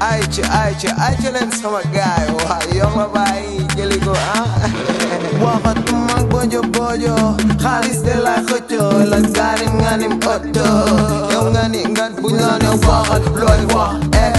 ayca ayca ayca leen sama gaay waa yow ma bàyyi jëli ko ah. waxatuma bojo bojo xaalis de la xëcco la gaarim nga nim oto yow nga ni nga buñ la ne waxat looy wax eh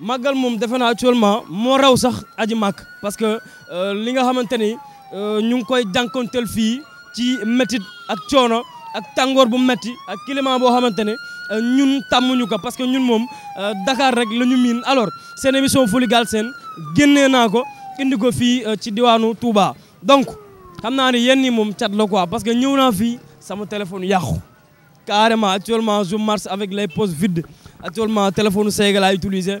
magal mom defena actuellement mo raw sax aji mak parce que euh, li nga xamanteni ni euh, ñu ngi koy jànkonteel fi ci métit ak coono ak tangor bu metti ak climat bo xamanteni euh, ñun tàmmuñu ko parce que ñun mom Dakar rek lañu min alors alors une émission fuligal sen génnee nako indi ko fi ci diwaanu Touba donc xamna ni ne yéen ñi moom la quoi parce que ñewna fi sama téléphone yàqu carrément actuellement je marche avec les postes vides actuellement téléphone Sega utiliser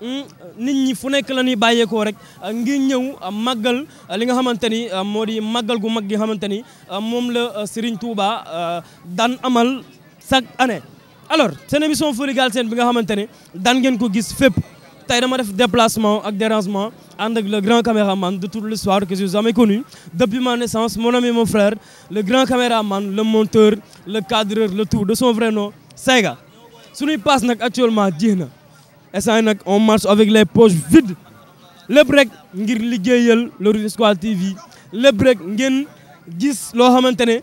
Hmm, nit ñi fu nekk la ñuy bàyyeekoo rek ah, ngir ñëw ah, màggal ah, li nga xamante ni moo di màggal gu mag gi xamante ni moom la Serigne Touba dan amal chaque année. alors seen émission Folie Galsen bi nga xamante ne daan ngeen ko gis fépp tey dama def déplacement ak dérangement ànd ak le grand caméraman de toute l'histoire que j'ai jamais connu depuis ma naissance mon ami mon frère le grand caméraman le monteur le cadreur le tout de son vrai nom Seyga suñuy paas nag actuellement jeex na. instant nag on marche avec les poches vides lépp rek ngir liggéeyal Lorraine Squad TV lépp rek ngeen gis loo xamante ne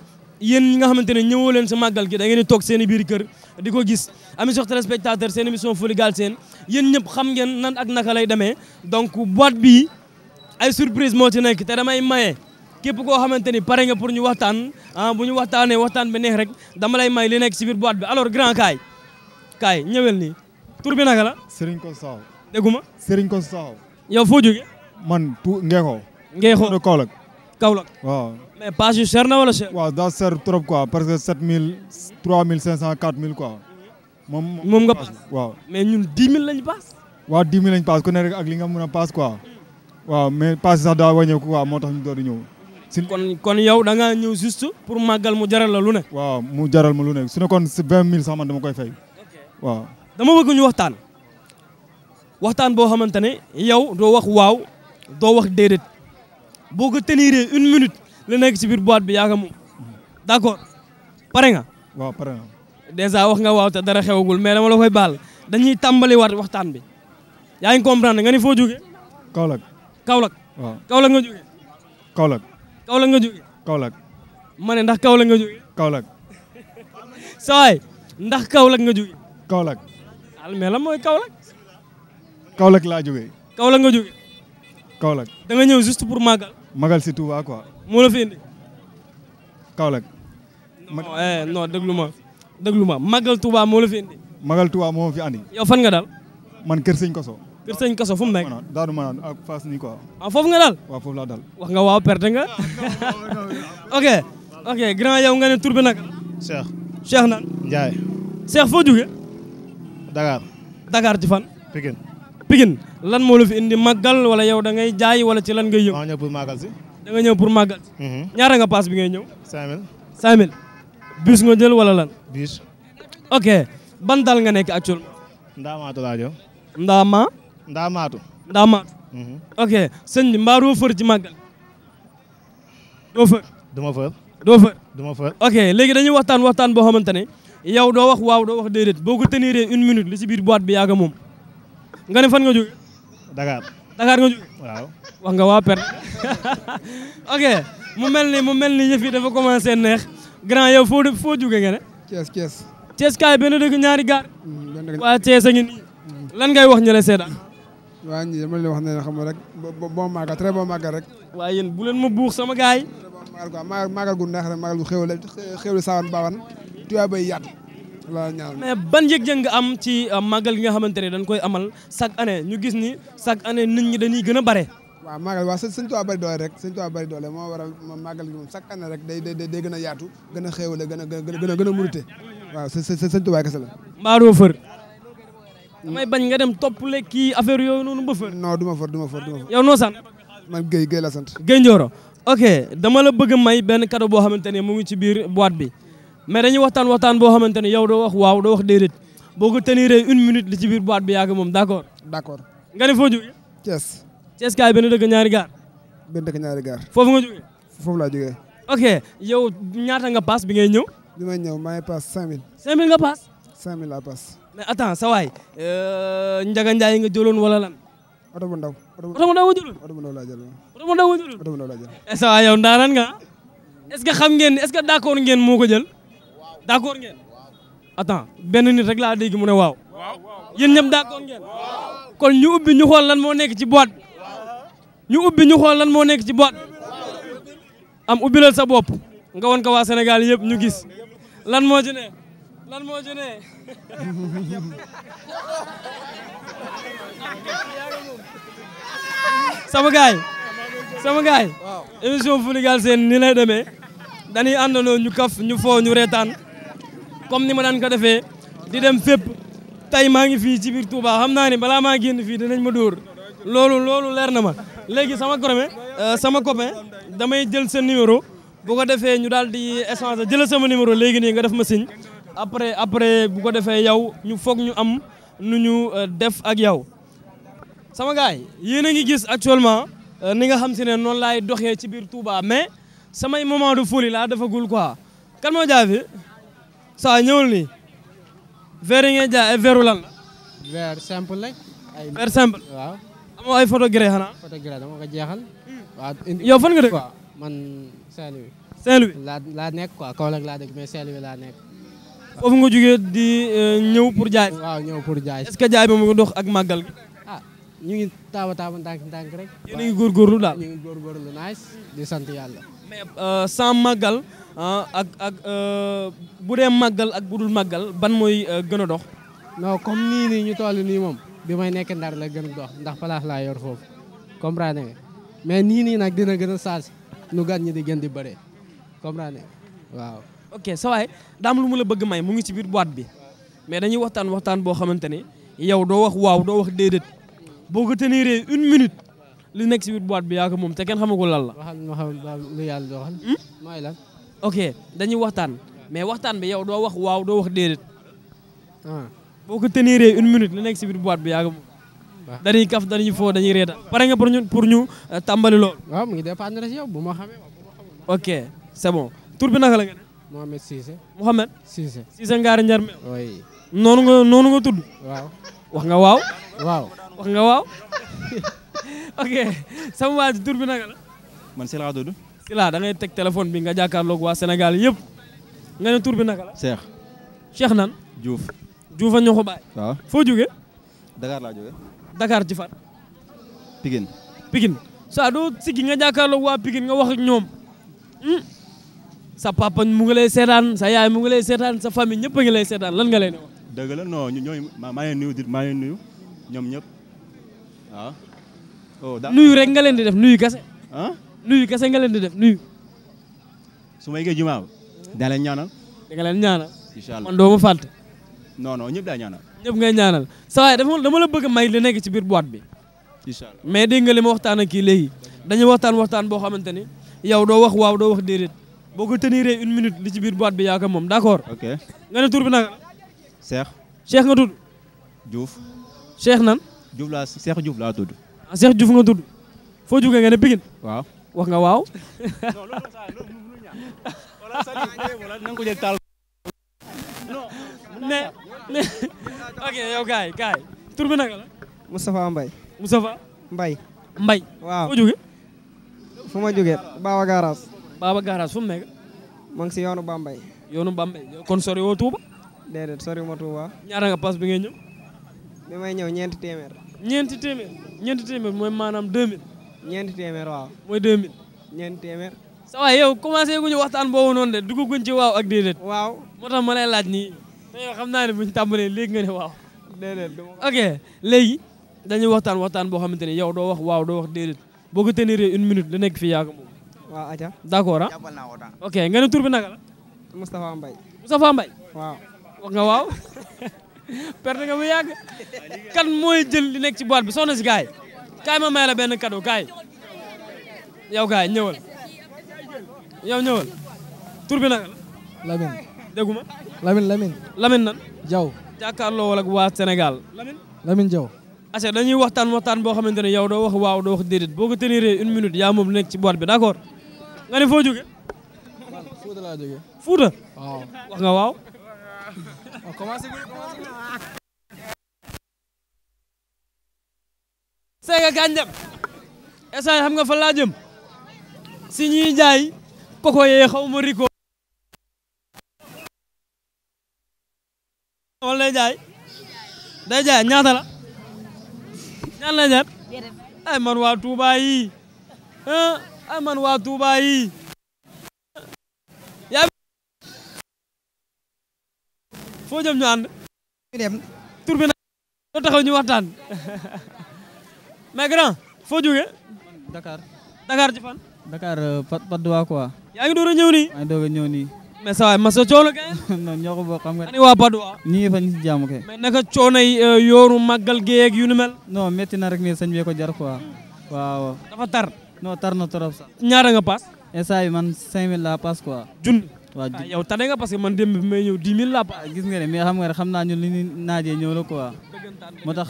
yéen ñi nga xamante ne ñëwoo leen sa màggal gi da ngeen di toog seen i biir kër di ko gis amis chers téléspectateurs seen émission Folie Galsen yéen ñëpp xam ngeen nan ak naka lay demee donc boîte bi ay surprise moo ci nekk te damay maye képp koo xamante ni pare nga pour ñu waxtaan ah bu ñu waxtaanee waxtaan bi neex rek dama lay may li nekk si biir boîte bi alors grand kaay kaay ñëwel nii tur bi naka la. Serigne Koso Saw. dégguma Serigne Koso Saw. yow foo jógee. man tu Ngexo. Ngexo de Kaolack. Kaolack waaw. mais pass yu cher na wala cher. waaw daa cher trop quoi parce que 7000 3500 4000 quoi. moom moom nga pass waaw. mais ñun 10000 lañ pass. waaw 10000 lañ pass ku ne rek ak li nga mën a pass quoi. waaw mais pass sax daa wàññeeku quoi moo tax ñu door di ñëw. kon kon yow da ngaa ñëw juste pour màggal mu jaral la lu nekk waaw mu jaral ma lu ne su ne kon 20000 sax man dama koy fay waaw. dama bëgg ñu waxtaan waxtaan boo xamante ne yow doo wax waaw doo wax déedéet boo ko teniree une minute la nekk ci biir boîte bi yaa nga moom d'accord pare nga. waaw nga déjà wax nga waaw te dara xewagul mais dama la koy baal dañuy tàmbaliwaat waxtaan bi yaa ngi comprendre nga ni foo jóge Kaolack. Kaolack. waaw Kaolack nga jógee. Kaolack. Kaolack nga jógee. Kaolack. ma ne ndax Kaolack nga jógee. Kaolack. saa ndax Kaolack nga jógee. Kaolack. almela mooy Kaolack. Kaolack laa jógee. Kaolack nga jógee. Kaolack. da nga ñëw juste pour màggal. màggal si Touba quoi. moo la fi indi. Kaolack. non eh non déglu ma déglu ma màggal Touba moo la fi indi. màggal Touba moo fi andi. yow fan nga daal. man Kër Sëñ Koso. Kër Sëñ Koso fu mu nekk. a ma naan ak Fass nii ah, foofu nga daal. waaw foofu laa daal. wax nga waaw perte nga. Ah, ok ok grand yow nga ne tur bi nag. Cheikh. Cheikh nan Ndiaye. Cheikh foo Dakar. Dakar ci fan. lan moo la fi indi màggal wala yow da ngay jaay wala ci lan ngay yëngu. maa ñëw pour màggal si. nga ñëw pour màggal. Mhm. ñaata nga paas bi ngay ñëw. 5000. 5000. bus nga jël wala lan. bus. ok ban dal nga nekk actuellement. Ndaamaatu laa jëm. Ndaama. Ndaamaatu. Ndaamaatu. Mhm. ok sëñ bi mbaa doo fër ci màggal. doo fër. du ma fër. doo fër. léegi dañuy waxtaan waxtaan boo xamante ne. yow do wax waw do wax dedet boko tenir une minute li ci bir boîte bi yaaga mom nga ne fan nga jóge Dakar Dakar nga jóge waw wax nga wa per ok mu melni mu melni yefi dafa commencé neex grand yow fo fo jóge nga ne ties ties Thiès kaay benn ñaari gar wa ties ngi lan ngay wax ñele la wa ñi dama leen wax ne xam rek bon maga très bon maga rek wa yeen bu leen ma buux sama gaay magal màggal quoi màggal gu neex rek gu xewle xewle sawan bawan waa yaatu la ñaan mais ban yëg-yëg am ci euh, màggal gi nga xamante ne dañ koy amal chaque année ñu gis ni chaque année nit ñi dañuy gën a bare waaw màggal waaw sëñ Tuubaa bari doole rek sëñ Tuubaa bari doole moo waral màggal gi moom chaque année rek day day day gën a yaatu gën a xéewale gën a gën a gën a murite waaw sëñ Tuubaa kese la mbaaroo fër bañ nga dem toppale kii affaire yooyu noonu ba fër non du ma fër ma fër du ma fër yow noo man Guèye Guèye la sant Guèye Ndioro dama la bëgg may benn cadeau boo xamante ne mu ngi ci biir boîte bi mais dañuy waxtaan waxtaan boo xamante ne yow doo wax waaw doo wax déedéet boo ko teniree une minute li ci biir boîte bi yàgg moom d' accord. d' accord nga ne foo jógee. Thiès. Thiès kaay benn dëkk ñaari gaar. benn dëkk ñaari gaar. foofu nga jógee. foofu laa jógee. ok yow ñaata nga paas bi ngay ñëw. bi may ñëw maa ngi paas 5000. 5000 nga paas. 5000 laa paas. mais attends sa waay. Euh, Njaga Njaay nga jëloon wala lan. oto bu ndaw. oto bu ndaw nga jëloon. oto bu ndaw laa jëloon. oto bu ndaw nga jëloon. oto bu ndaw laa jëloon. Eh, sa waay yow ndaanaan nga est ce que xam ngeen est ce que d' accord ngeen moo ko jël d'accord ngeen. attends benn nit rek laa dégg mu ne waaw. yéen ñëpp d'accord ngeen. kon ñu ubbi ñu xool lan moo nekk ci boîte bi. ñu ubbi ñu xool lan moo nekk ci boîte bi. am ubbilal sa bopp. nga won ko waa Sénégal yëpp ñu gis lan moo ci ne lan moo ci ne sama gaay sama ni lay demee dañuy àndandoo ñu kaf ñu foo ñu reetaan comme ni ma daan ko defee di dem fépp tey maa ngi fii ci biir Touba xam naa ni balaa maa génn fii danañ ma dóor loolu loolu leer na ma léegi sama korome euh, sama copain damay jël sa numéro bu ko defee ñu daal di échanger jëlal sama numéro léegi nii nga def ma signe après après bu ko defee yow ñu foog ñu am nu ñu euh, def ak yow sama gaay yéen a ngi gis actuellement euh, ni nga xam si ne noonu laay doxee ci biir Touba mais samay moment de folie laa defagul quoi kan moo saa ñëwul nii. verre yi ngay jaay ay verre lan la. verre simple lañ. ay verre simple waaw. amoo ay photo gré xanaa. photo gré ko jeexal. Hmm. waaw yow fan nga dëkk. man laa laa nekk quoi Kaolack laa dëkk laa nekk. foofu nga jógee di euh, ñëw pour jaay. waaw ñëw pour jaay. est que jaay bi mu ngi dox ak màggal gi. ah ñu ngi taaba taaba ndànk ndànk rek. yéen a ngi góorgóorlu ñu ngi góorgóorlu nice di sant yàlla. mais euh, sans màggal ak ak euh, bu dee màggal ak bu dul màggal ban mooy euh, gën a dox. noo comme nii ñu toll nii moom bi may nekk ndar la gën a dox ndax place laa yor foofu comprendre nga mais nii nii nag dina gën a saasi nu gan ñu di gën di bëree kom nga waaw. ok sa waay daam lu mu la bëgg may mu ngi ci biir boîte bi mais dañuy waxtaan waxtaan boo xamante ne yow doo wax waaw doo wax déedéet boo ko une minute. li nekk si biir boîte bi yaa moom te kenn xamagul lan la. waxal ma hmm? ok dañuy waxtaan mais waxtaan bi yow doo wax waaw doo wax déedéet. Ah. boo ko teniree une minute lu nekk si biir boîte bi yaa ko moom. dañuy kaf dañuy foo dañuy reeta pare nga pour ñu pour ñu euh, tàmbali lool. waaw mu ngi dépendre si yow bu ma xamee ok c'est bon tur bi naka la nga ne. Mohamed Cissé. Mohamed Cissé. Cissé Ngaari Njarme. noonu nga noonu nga tudd. waaw wax nga wax nga waaw. ok sama waa ji tur bi naka la. man Sylla laa tudd. Sylla da ngay teg téléphone bi nga jàkkaarloog waa Sénégal yëpp nga ne tur bi naka la. Cheikh. Cheikh nan. Diouf. Diouf ak Niokhobaay. waaw foo jógee. Dakar laa jógee. Dakar ci fan. Pikine. Pikine saa doo siggi nga jàkkaarloog waa Pikine nga wax ñoom. Hmm? sa papa mu ngi lay seetaan sa yaay mu ngi lay seetaan sa famille ñëpp a ngi lay seetaan lan nga leen di wax. dëgg la non ñooñu maa ngi nuyu di maa nuyu ñoom ñëpp nuyu rek nga leen di def nuyu kase ah nuyu kase nga leen di def nuyu su ma yeggee jumaa daa leen ñaanal da nga leen ñaanal incha man doo fàtte non non ñëpp daa ñaanal ñëpp ngay ñaanal sa waay dafa dama la bëgg may li nekk ci biir boîte bi incha allah mais dégg nga li ma waxtaan ak kii léegi dañu waxtaan waxtaan boo xamante ni yow doo wax waaw doo wax déedéet boo ko une minute li ci biir boîte bi yaa ko moom d' accord ok nga ne tur bi naka Cheikh Cheikh nga tudd Diouf Cheikh nan Diouf laa Cheikh Diouf laa tudd ah Cheikh Diouf nga tudd Fo jógee nga ne Pikine waaw wax nga waaw ne ne ok yow kaay kaay tur bi naka la Moustapha Mbaye Moustapha Mbaye Mbaye waaw foo jógee fu ma jógee Baba Garage Baba Garage fu mu nekk ma ngi si yoonu Bambey yoonu Bambey kon sori woo Touba déedéet sori ma Touba ñaata nga pass bi ngay ñëw bi may ñëw ñeenti ñeenti téeméer mooy maanaam 2000. ñeenti téeméer waaw. mooy 2000. ñeenti téeméer. sa waay yow commencé guñu waxtaan boobu noonu de dugguñ ci waaw ak déedéet. waaw moo tax ma lay laaj nii. te yow xam naa ne buñ tàmbalee léegi nga ne waaw. déedéet ok léegi dañuy waxtaan waxtaan boo xamante ne yow doo wax waaw doo wax déedéet boo ko tenir une nekk fii yaa ko moom. waaw atia. d'accord ah jàppal naa nga ne tur bi naka la. Moustapha Mbaye. Moustapha nga waaw. perte nga bu yag kan moy jël li nek ci boîte bi sonna ci gaay kay ma may la benn cadeau kaay yow gaay ñewal yow ñewal tour bi nag Lamine deguma Lamine Lamine Lamine nan Jaw jàkkaarloo wala wa senegal Lamine Lamine Jaw asse dañuy waxtan waxtan bo xamante yow do wax waaw do wax déedéet boko tenir 1 minute ya mom nek ci boîte bi d'accord nga ne foo jóge Fuuta la joge Fuuta waaw wax nga waaw Séga gaañ dem instant xam nga fa laa jëm si ñuy koko yee xaw ma riko wala lay jaay day jaay ñaata la ñaan la ñaan ay foo jëm ñu ànd. dem taxaw ñu waxtaan mais grand foo jógee. Dakar. Dakar ci fan. Dakar euh, Patte d'Oie quoi. yaa ngi door a ñëw nii. maa ngi door a ñëw coono kay. non ñoo ko bokk xam nga. ani waa Patte d'Oie. ñu fa ñu si jàmm kay. mais euh, yooru màggal géej ak yu ni mel. non métti na rek mais sañ bee ko jar quoi. waaw. dafa tar. non tar na trop sax. nga paas. instant bi man 5000 laa paas quoi. waaw ah, yow tane nga parce que man démb bi may ñëw 10 000 la gis nga ne mais xam nga xam naa ñu li la quoi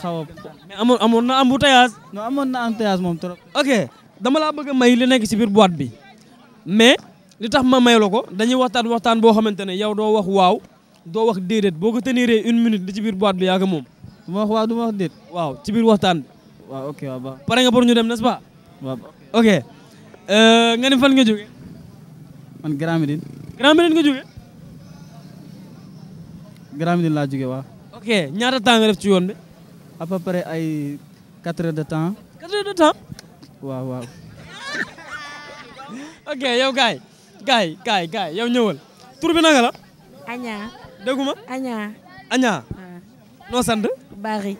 xaw a mais amoon amoon na embouteillage no amoon na embouteillage moom trop ok dama laa bëgg may li nekk si biir boîte bi mais li tax ma may la dañuy waxtaan waxtaan boo xamante yow doo wax waaw doo wax déedéet boo ko teniree une minute ci boîte bi yaa ko moom du wax waaw du ma wax déet waaw ci biir waxtaan bi waaw ok waaw baax pare nga pour ñu dem n'est-ce pas ok euh, nga ni fan nga man Grand Grand nga jógee. Grand Médine laa jógee ok ñaata temps nga def ci yoon bi. à peu près ay 4 heures de temps. 4 heures de temps. ok yow tur bi la. Bari.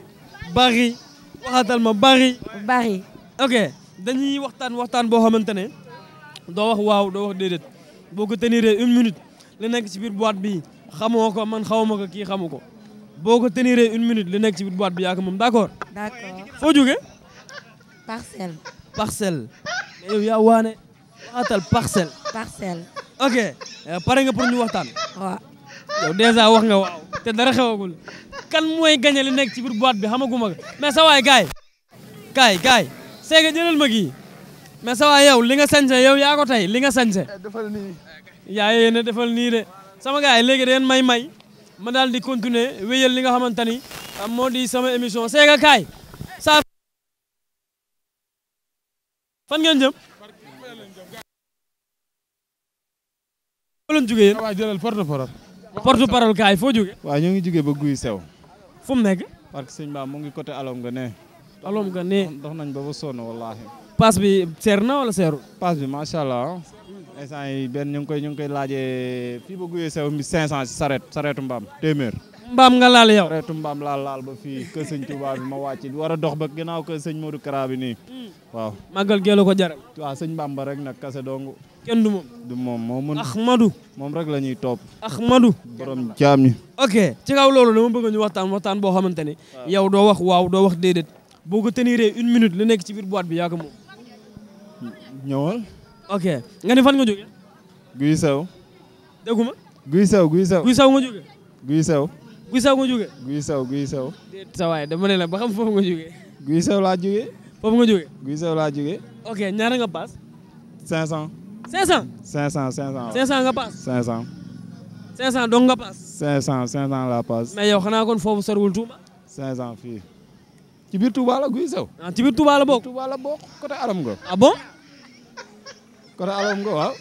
Bari. Wah ma Bari. Bari. ok dañuy waxtaan waxtaan bo xamantene do wow, wax waw do wax dedet boo ko tenir une minute li nekk ci biir boîte bi xamoo ko man xawma ko ki xamu ko boo ko tenir une minute li nekk ci biir bi yaa ko moom d' accord. d' accord foo jógee. parcelle. parcelle. yow yaa waane waxaatal eh, nga pour ñu waxtaan. waaw. wax nga waaw te dara xewagul kan mooy gagné nekk ci biir bi xamaguma ko mais sa ma kii mais sa yow li nga sañse yow yaa li nga sañse. Eh, dafa yaa yéen a defal nii de sama gars léegi deen may-may ma daal di continuer wéyal li nga xamante ni moo di sama émission Séga kaay saa fan ngeen jëm loon jóge yéen ah, waaw jëlal porte parole porte parole kaay foo jóge waaw ñoo ngi jóge ba guy sew fu mu nekk parce sëñ Ba mu ngi côté alom nga ne alom nga ne dox nañ ba ba sonn wallaahi bi seer na wala seeru paas bi macha allah instant yi benn ñu ngi koy ñu ngi koy laajee fii ba guyee sew mi 500 si saret saretu mbaam téeméer. mbaam nga laal yow. saretu mbaam laal laal ba fii kër sëñ Touba bi ma wàcc war a dox ba ginnaaw kër sëñ Modou Kara bi nii. Mm. waaw màggal geelu ko jaral. waaw sëñ Bamba rek nag kase dong. kenn du moom. du moom moo mën. Ahmadou. moom rek la ñuy Ahmadou. borom jamni ok ci kaw loolu dama bëgg ñu waxtaan waxtaan boo xamante yow doo wax waaw doo wax déedéet. boo ko une minute ci boîte bi ok nga ni fan nga jógee. guy saw. déggu ma. guy saw guy saw guy saw nga jógee. guy saw. guy saw nga jógee. guy saw guy saw. déet sa waay dama ne la ba xam foofu nga jógee. guy saw laa jógee. foofu nga jógee. guy saw laa jógee. ok ñaara nga paas. 500. 500. 500 500. 500 nga paas. 500. 500 donc nga paas. 500 500 laa paas. mais yow xanaa kon foofu soriwul Touba. 500 fii. ci biir Touba la guy saw. ah ci biir Touba la bokk. Touba la bokk côté Aram nga. ah bon. kon alom nga waaw.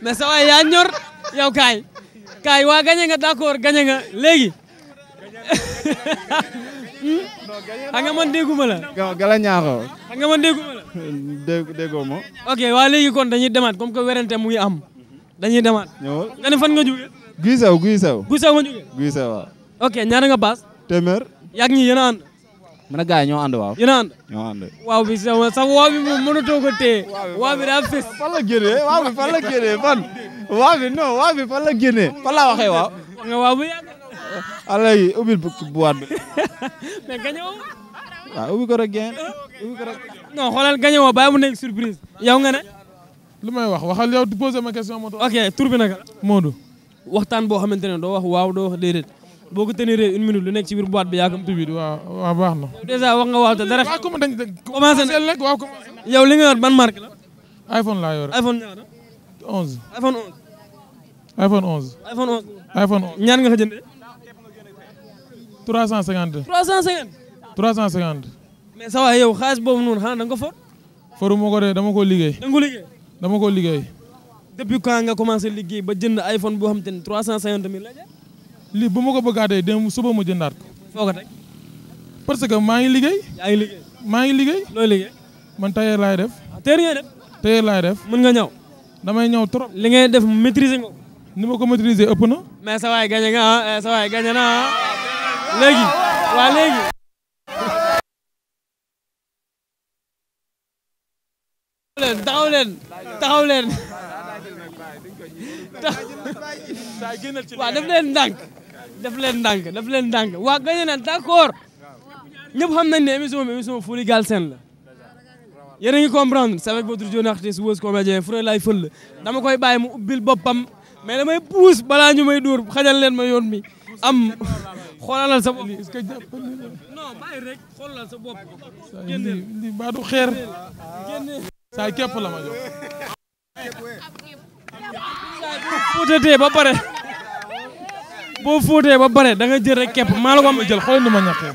mais sa waay yaa ñor yow kaay kaay waa gañe nga d'accord gañe nga léegi. Hmm? xam nga man dégguma la. gala ñaaxoo. xam nga man dégguma la. dégg déggoo ma. ok waa léegi kon dañuy demaat comme que werante mu ngi am dañuy demaat. ñëwal nga fan nga jógee. Guissaw Guissaw. Guissaw nga jógee. Guissaw waaw. ok ñaata nga baas. téeméer. yaa ngi ñii mu ne gars yi ñoo ànd waaw. yéen a ànd ñoo ànd. waaw bi sama sax waaw bi moom mënatoo ko téye. waaw bi daa fës. fan la génnee waaw bi fan la génnee laa waxee waaw. nga waaw bu yàgg. alay ubbil boîte bi. mais gañe ah, surprise. yow nga ne. lu may wax waxal yow posé ma question. ok tur bi naka la. Modou. waxtaan boo xamante ne doo wax waaw doo wax boo ko tenir une minute lu nekk ci biir boîte bi yaa ngi ko. waaw waaw baax na. dèjà wax nga waaw te dara. waaw comme dañ commencé na yow li nga yor ban marque la. iPhone laa yor. iPhone ñaata. 11. iPhone 11. iPhone 11. iPhone 11. iPhone 11. ñaan nga ko jëndee. 350. 350. 350. mais sa waay yow xaalis boobu noonu xanaa da nga ko for. foru ko dee dama ko liggéey. da ko liggéey. dama ko liggéey. depuis quand nga commencé liggéey ba jënd iPhone boo xam te ne 350 mille la li bu ma ko bëggaatee dem suba mu jëndat ko. foko tek parce que ma ngi liggéey. yaa ngi liggéey maa ngi liggéey. liggéey. man tailleur lay def. ah tailleur ngay def. tailleur lay def. mën nga ñëw. damay ñëw trop. li ngay def maîtriser nga ni mako maîtriser ëpp na. mais sa way gagné nga ah, eh, sa way gagné na ah. léegi waa léegi. taxaw leen taxaw leen taxaw leen. waaw def leen ndànk. daf leen ndànk daf leen ndànk waa gañe na d'accord ñëpp xam nañ ne émission bi émission Folie la yéen a ngi comprendre c'est avec votre jeune artiste wëus comédien Fure lay fël la dama koy bàyyi mu ubbil boppam mais damay puus balaa ñu may dóor xajal leen ma yoon mi am xoolalal sa bopp est sa bopp la ma jox saa bu boo fóotee ba pare da nga jël rek képp maa la ko am jël xool nu ma ñàkkee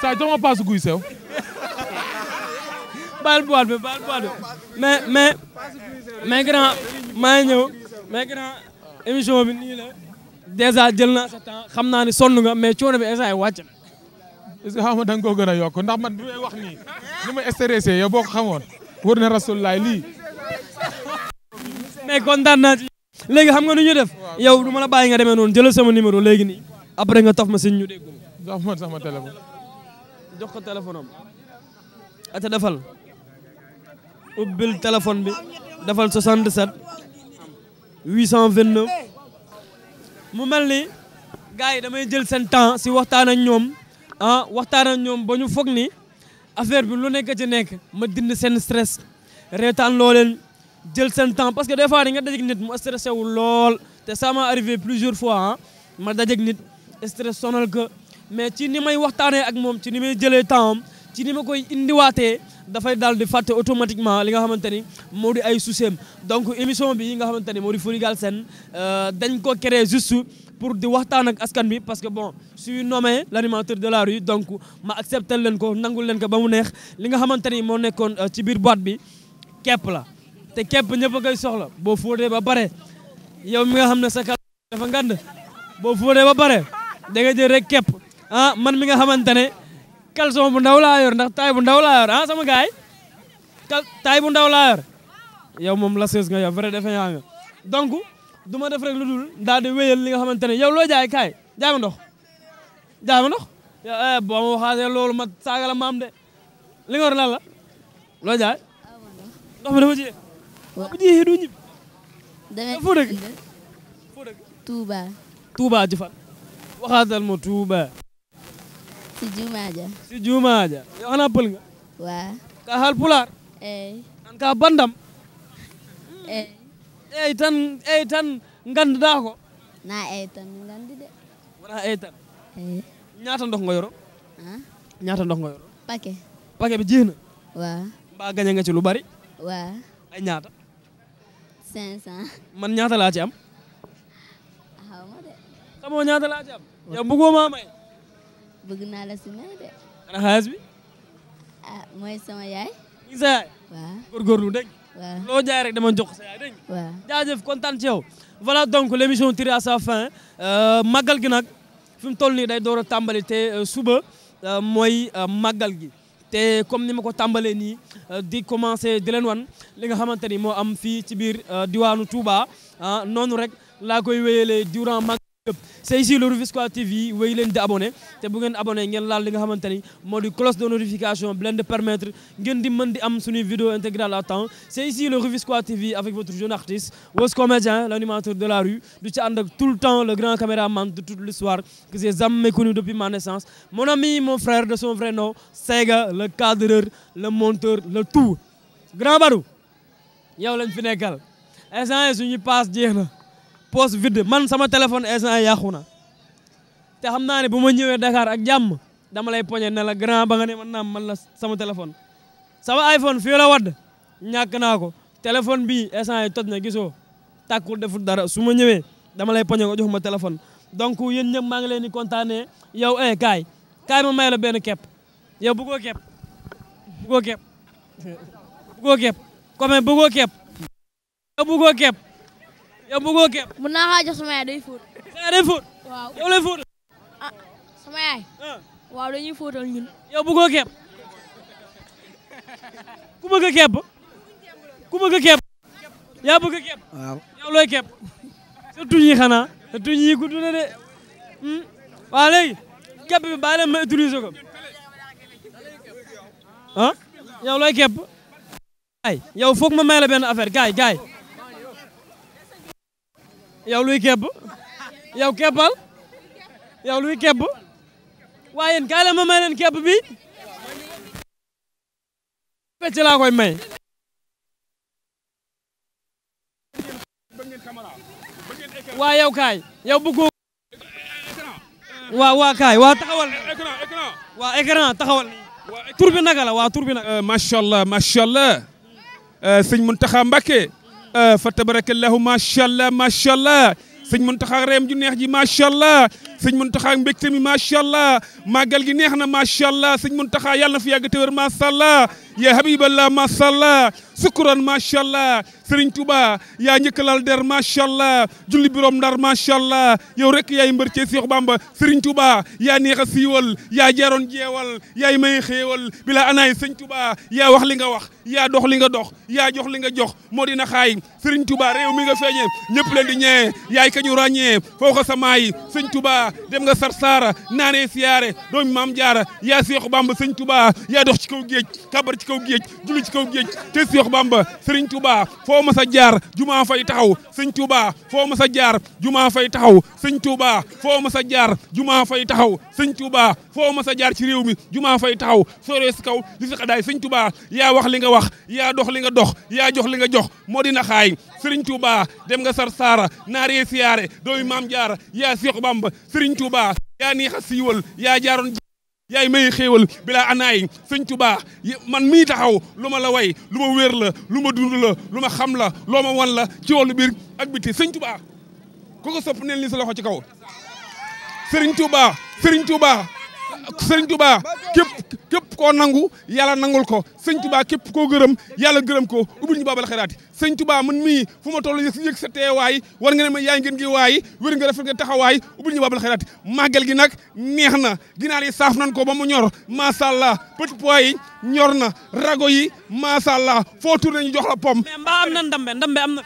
saa jox ma paasu guy sew. baal bu waat bi baal bu grand maa ngi ñëw mais grand émission bi nii la jël naa sa temps xam naa ne sonn nga mais coono bi instant na. est-ce que xam nga da nga koo gën a yokk ndax man bi may wax nii ni ma stressé yow boo na rasulilah lii. mais kontaan léegi xam nga nu ñu def yow du ma la bàyyi nga demee noonu jëlal sama numéro léegi nii après nga taf ma si ñu déggoo. jox ma sama téléphone. jox ko téléphone am. ata defal ubbil téléphone bi defal 77 829 mu mel ni gars yi damay jël seen temps si waxtaan ak ñoom ah waxtaan ak ñoom ba ñu foog ni affaire bi lu nekk ci nekk ma dind seen stress reetaan loo jël seen temps parce que des fois di nga dajeeg nit mu stressé wu lool te ça m'est arrivé plusieurs fois ah ma dajeeg nit stress sonal ko mais ci ni may waxtaanee ak moom ci ni may jëlee temps am ci ni ma koy indiwaatee dafay daal di fàtte automatiquement li nga xamante ni moo di ay soucis donc émission bi nga xamante ni moo di Folie Galsen euh, dañ ko créé juste pour di waxtaan ak askan bi parce que bon je suis nommé l'animateur de la rue donc ma accepté leen ko nangul leen ko bamou neex li nga xamante mo moo euh, ci biir boîte bi képp la. te képp ñëpp a koy soxla boo fóotee ba bare yow mi nga xam ne sa kàlla dafa ngand boo fóotee ba pare da nga rek képp ah man mi nga xamante ne caleçon bu ndaw laa yor ndax taay bu ndaw laa yor ah, sama gaay kal taay bu ndaw laa yow moom la sees nga yow donc du ma def lu dul daal di li nga xamante ne yow loo jaay kaay jaay ndox jaay ma ndox eh, eh, boo loolu ma saaga la maam de li nga war lan la loo jaay Wah jeexee doo ñibbi. demee foo dëkk foo dëkk. Touba. tuba. ji fan. waxaatal ma Touba. si jumaa ja. si jumaa waa. hal eh. an ka bandam. eh. eh tan eh tan ngand daa ko. eh tan ngandi de. eh tan. eh. ñaata ndox nga yoro. ah. ñaata ndox nga yoro. paquet. paquet bi jeex na. waa. ci lu bari. Wah. ay ñaata. 500. man ñaata laa ci am. Ah, ma de. xamoo ñaata laa ci am. yow bëggoo maa may. bëgg naa la si may de. ana xaalis bi. ah mooy sama yaay. sa yaay. waaw góorgóorlu dégg loo jaay rek dama jox sa yaay dégg waaw jaajëf kontaan ci yow. voilà donc l' émission tire à sa euh, màggal gi nag fi mu toll nii day door a tàmbali te euh, suba euh, mooy màggal gi. te comme ni ma ko tàmbalee nii euh, di commencé di leen wan li nga xamante ni moo am fii ci biir euh, diwaanu Touba ah, noonu rek laa koy wéyalee durant c'est ici le Rufisquois TV où leen di abonné Si bu êtes abonné vous laal li nga xamante cloche de notification pour de permettre ngeen di mën vidéo intégrale à temps c'est ici le Rufisquois TV avec votre jeune artiste Weuz comédien l'animateur de la rue du ci tout le temps le grand caméraman de toute l'histoire que j'ai jamais connu depuis ma naissance mon ami mon frère de son vrai nom Sega le cadreur le monteur le tout grand Barou, yow lañ fi nekkal instant ça, suñu passe jeex poche vide man sama téléphone instant yàqu na te xam naa ne bu ma ñëwee dakaar ak jàmm dama lay poñe ne la grand ba nga ne man naam man la sama téléphone sama iPhone fii la wadd naa ko téléphone bii instant yi toj na gisoo tàkkul deful dara su ma ñëwee dama lay poñe nga jox ma téléphone donc yéen ñëpp maa ngi leen di kontaanee yow eh kaay ma may la benn kepp yow bëggoo kepp bëggoo kepp bëggoo kepp comme bëggoo kepp yow yow bëggoo képp. mun naa xaa jox sama yaay day fóot. sa yaay day fóot. waaw yow lay fóot. ah sama yaay. Ah. waaw dañuy fóotal ñun. yow bëggoo képp. ku bëgg képp. ku yaa bëgg képp. waaw yow looy képp. sa tuñ yi xanaa de. Hmm? waa léegi képp ma utiliser ko. ah yow looy képp. ay ma may la benn affaire gaay yow luy kebb yow kebbal yow luy kebb waaye yéen kaay la ma may leen kebb bi fecc laa koy may waa yow kaay yow bëggu waa waa kaay waa taxawal waa écran taxawal tur bi waa tur bi naka euh, macha allah macha allah euh, sëñ Muntaxa Mbàkke فتبارك الله ما شاء الله ما شاء الله سيغ منتخا ريم جي جي ما شاء الله سيغ منتخا مبكتي ما شاء الله ما گال جي ما شاء الله سيغ منتخا يالنا في ياگ تيور ما شاء الله ya habiballah macha allah sukuran macha allah Serigne Touba yaa njëkk laal der macha allah julli biroom ndar macha allah yow rek yaay mbër ci Seex Bamba Serigne Touba yaa neex a siiwal yaa jaroon jeewal yaay may xéewal bila anaay Serigne Touba yaa wax li nga wax yaa dox li nga dox yaa jox li nga jox moo dina xaay Serigne Touba réew mi nga feeñe ñëpp leen di ñee yaay kañu ràññee foo ko samaay Serigne Touba dem nga sarsaara naanee siyaare doomi maam jaara yaa Seex Bamba Serigne Touba yaa dox ci kaw géej kabar kaw géej julli ci kaw géej te Seex Bamba Serigne Touba foo mas a jaar jumaa fay taxaw Serigne Touba foo mas a jaar jumaa fay taxaw Serigne Touba foo mas a jaar jumaa fay taxaw Serigne Touba foo mas a jaar ci réew mi jumaa fay taxaw sooree si kaw li si xadaay Serigne Touba yaa wax li nga wax yaa dox li nga dox yaa jox li nga jox moo dina xaay Serigne Touba dem nga sar naar naaree siyaare doomi maam jaar yaa Seex Bamba Serigne Touba yaa neex a yaa jaaroon yaay may xéewal bilaa anaay sëñ tubaa man mii taxaw lu ma la way lu ma wér la lu ma dund la lu ma xam la loo ma wan la ci wàllu biir ak biti sëñ tubaa ku ko sopp neel ni sa loxo ci kaw sëriñ tubaa sëriñ tubaa sëñ Tuubaa képp képp koo nangu yàlla nangul ko sëriñ Tuubaa képp koo gërëm yàlla gërëm ko ubbil ñu baabal xeraati sëñ Tuubaa mën mi fu ma toll yëg sa teewaay war nga ne ma yaay ngeen gi waay wér nga rafet nga taxawaay ubbil ñu baabal xeraati màggal gi nag neex na ginaar yi saaf nañ ko ba mu ñor macha allah petit pois ñor na rago yi macha allah foo tourné jox la pomme. mais mbaa am na ndambe ndambe am na.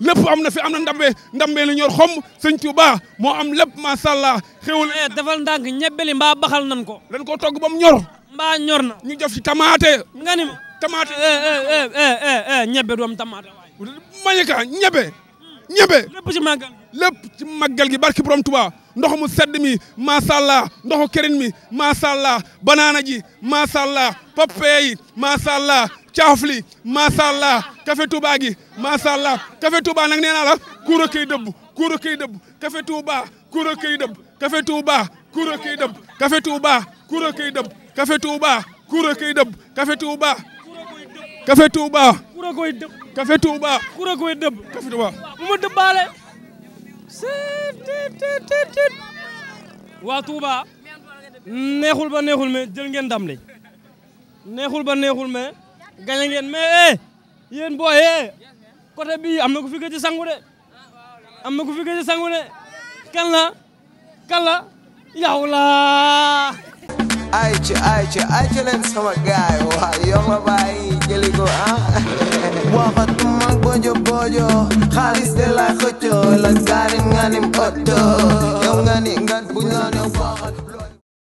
lépp am na fi am na ndambe ndambe la ñor xom sëñ Tuuba moo am lépp macha allah xewul eh, defal ndànk ñebbeli mbaa baxal nan ko dañ ko togg ba mu ñor mbaa ñor na ñu def ci tamaate nga ni ma tamaate eh, eh, ñebe doom tamaate waay mañeka ñebe ñebe hmm, lépp ci màggal lépp ci màggal gi barki borom Tuuba ndox mu sedd mi macha allah ndoxu kërin mi macha allah banaana ji macha allah poppee yi macha allah caafli macha allah café touba gi macha allah café touba nag nee naa la kuur a koy dëbb kuur a koy dëbb café touba kuur a koy dëbb café touba kuur a koy dëbb café touba kuur a koy dëbb café touba kuur koy dëbb café touba café touba koy dëbb café dëbbaale waa Touba ba neexul mais jël ngeen ndam li neexul ba neexul mais gañe ngeen mais eh yéen booy eh côté bii am na ku fi gëj sangu de am na ku fi gëj a sangu de kan la kan ay ci ay ci ay ci leen sama gaay waa yow ma bàyyi jëli ko ah. waxatuma bojo bojo xaalis de laay xëccoo la gaarim nga nim oto yow nga ni ngan buñ la ne